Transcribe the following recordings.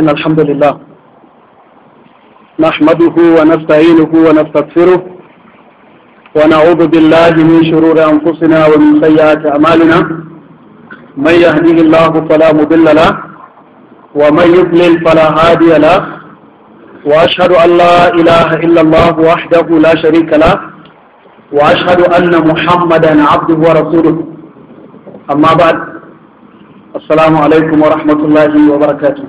إن الحمد لله نحمده ونستعينه ونستغفره ونعوذ بالله من شرور أنفسنا ومن سيئات أعمالنا من يهديه الله فلا مضل له ومن يضلل فلا هادي له وأشهد أن لا إله إلا الله وحده لا شريك له وأشهد أن محمدا عبده ورسوله أما بعد السلام عليكم ورحمة الله وبركاته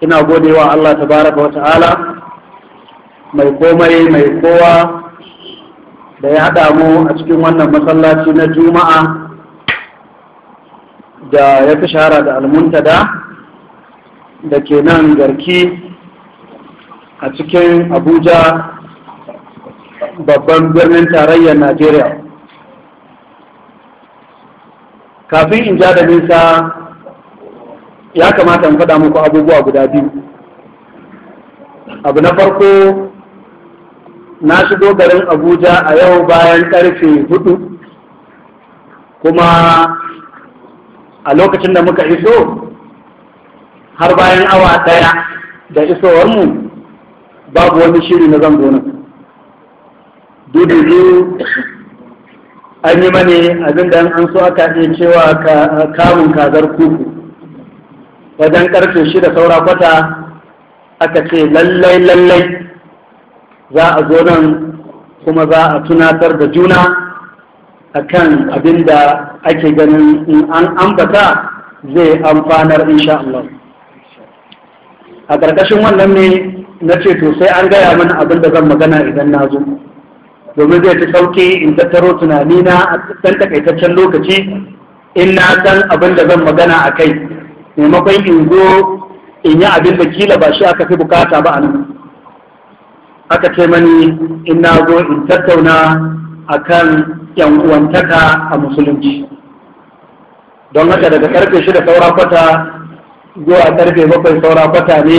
ina godewa Allah ta baraka wata ala mai komai mai kowa da ya haɗa mu a cikin wannan masallaci na juma'a da ya fi shahara da almuntada da ke nan garki a cikin abuja babban birnin tarayyar najeriya kafin in ja da nisa ya kamata in faɗa muku abubuwa guda biyu abu na farko na shigo garin abuja a yau bayan karfe hudu kuma a lokacin da muka iso har bayan awa ɗaya da isowarmu babu wani shiri na zan dubu biyu an yi mani abinda an so aka iya cewa kamun kazar kuku wajen karfe shida saura kwata aka ce lallai lallai za a zo nan kuma za a tunatar da juna akan abin da ake ganin in an ambata zai amfanar insha Allah a ƙarƙashin wannan ne na ce to sai an gaya mana abin da zan magana idan na zo domin zai fi sauƙi in tattaro tunanina a ɗan takaitaccen lokaci in na san abin da zan magana a kai maimakon in go in yi abin da kila ba shi aka fi bukata ba a aka ce mani in na zo in tattauna akan yan uwantaka a musulunci don haka daga karfe shida saura kwata zuwa karfe bakwai saura kwata ne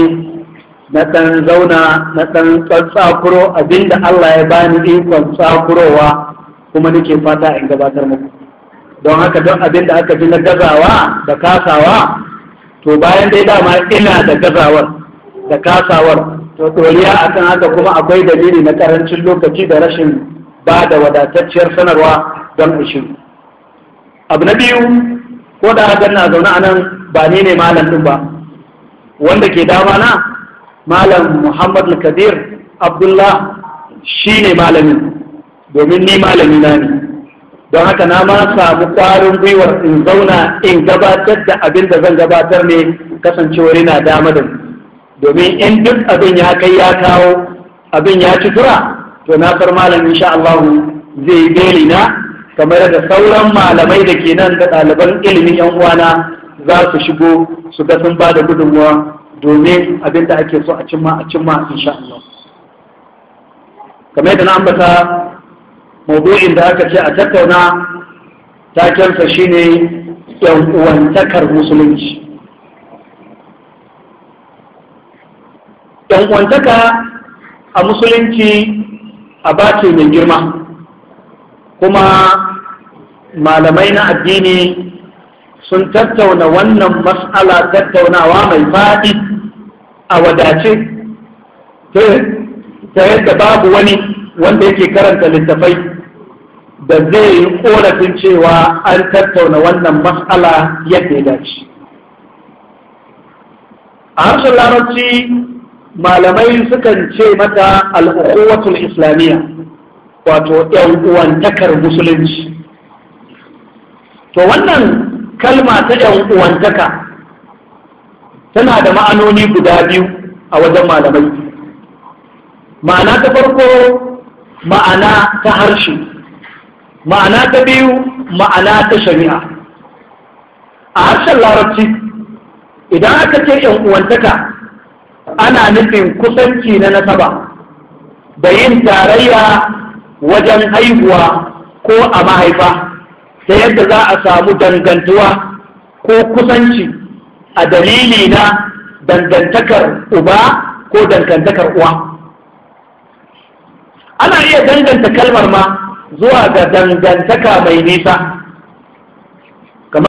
na ɗan zauna na ɗan tsakuro abinda Allah ya bani ikon tsakurowa kuma nake fata in gabatar muku don haka don abinda aka ji na gazawa da kasawa to bayan dai dama ina da gazawar da kasawar to doriya akan haka kuma akwai dalili na karancin lokaci da rashin ba da wadatacciyar sanarwa don ishin abu na biyu ko da haka na zaune a nan ba ni ne malam din ba wanda ke dama na malam muhammad al-kadir abdullah shi ne malamin domin ni malami na ne don haka na ma samu kwarin gwiwar in zauna in gabatar da abin da zan gabatar ne kasancewar ina damadin domin in duk abin ya kai ya kawo abin ya ci tura to na far malam insha Allah zai beli na kamar da sauran malamai da ke nan da ɗaliban ilimin yan uwana za su shigo su ga sun ba da gudunmuwa domin abin da ake so a cimma a cimma insha Allah kamar yadda na ambata mabu'in da aka ce a tattauna takensa shine yan uwantakar musulunci yan uwantaka a musulunci a bace mai girma kuma malamai na addini sun tattauna wannan mas'ala tattaunawa mai faɗi a wadace ta yadda babu wani wanda yake karanta littafai da zai yi korafin cewa an tattauna wannan matsala yadda ya dace a harshen larabci malamai sukan ce mata al’uwatul islamiyya wato uwantakar musulunci to wannan kalma ta uwantaka tana da ma'anoni guda biyu a wajen malamai ma'ana ta farko ma'ana ta harshe ma'ana ta biyu ma'ana ta shari'a a harshen larabci idan aka ce yan uwantaka ana nufin kusanci na nasaba da yin tarayya wajen haihuwa ko a mahaifa ta yadda za a samu dangantuwa ko kusanci a dalili na dangantakar uba ko dangantakar uwa ana iya danganta kalmar ma zuwa ga dangantaka mai nisa